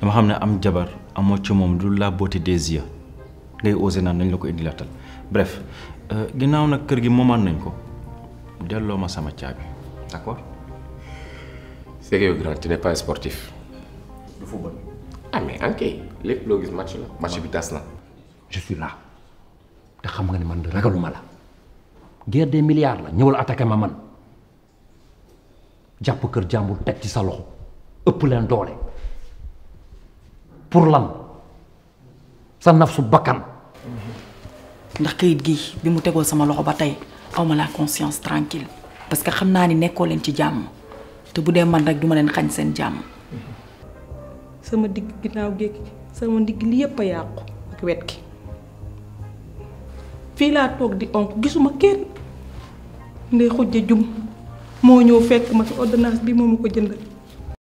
dama xam ne am jabar amoo ci moom du la beauté des yeux ngay osé naan nañ la ko indilaatal bref euh, ginnaaw nag kër gi moomaan nañ ko delloo ma sama caabi d'accord. c'est que yow grand tu n'es pas sportif. du football. ah mais en kay lépp loo gis match la match bi tas na. je suis te xam nga ne man ragaluma la guerre des milliards la ñëwal attaqué ma man jàpp kër jàmbur teg ci sa loxo ëpp leen doole. pour lan sa nafsu bakkan ndax kayit gi bi mu tegoo sama loxo ba tey awma la conscience tranquille parce que xam naa ni nekkoo leen ci jàmm te bu dee man rek duma leen xaj seen jàmm sama digg ginnaaw géej sama ndigg li yépp a yàqu ak wet gi fii laa toog di onk gisuma kenn ndey xujja jum moo ñëw fekk ma ci ordonnance bi moom ma ko jëndal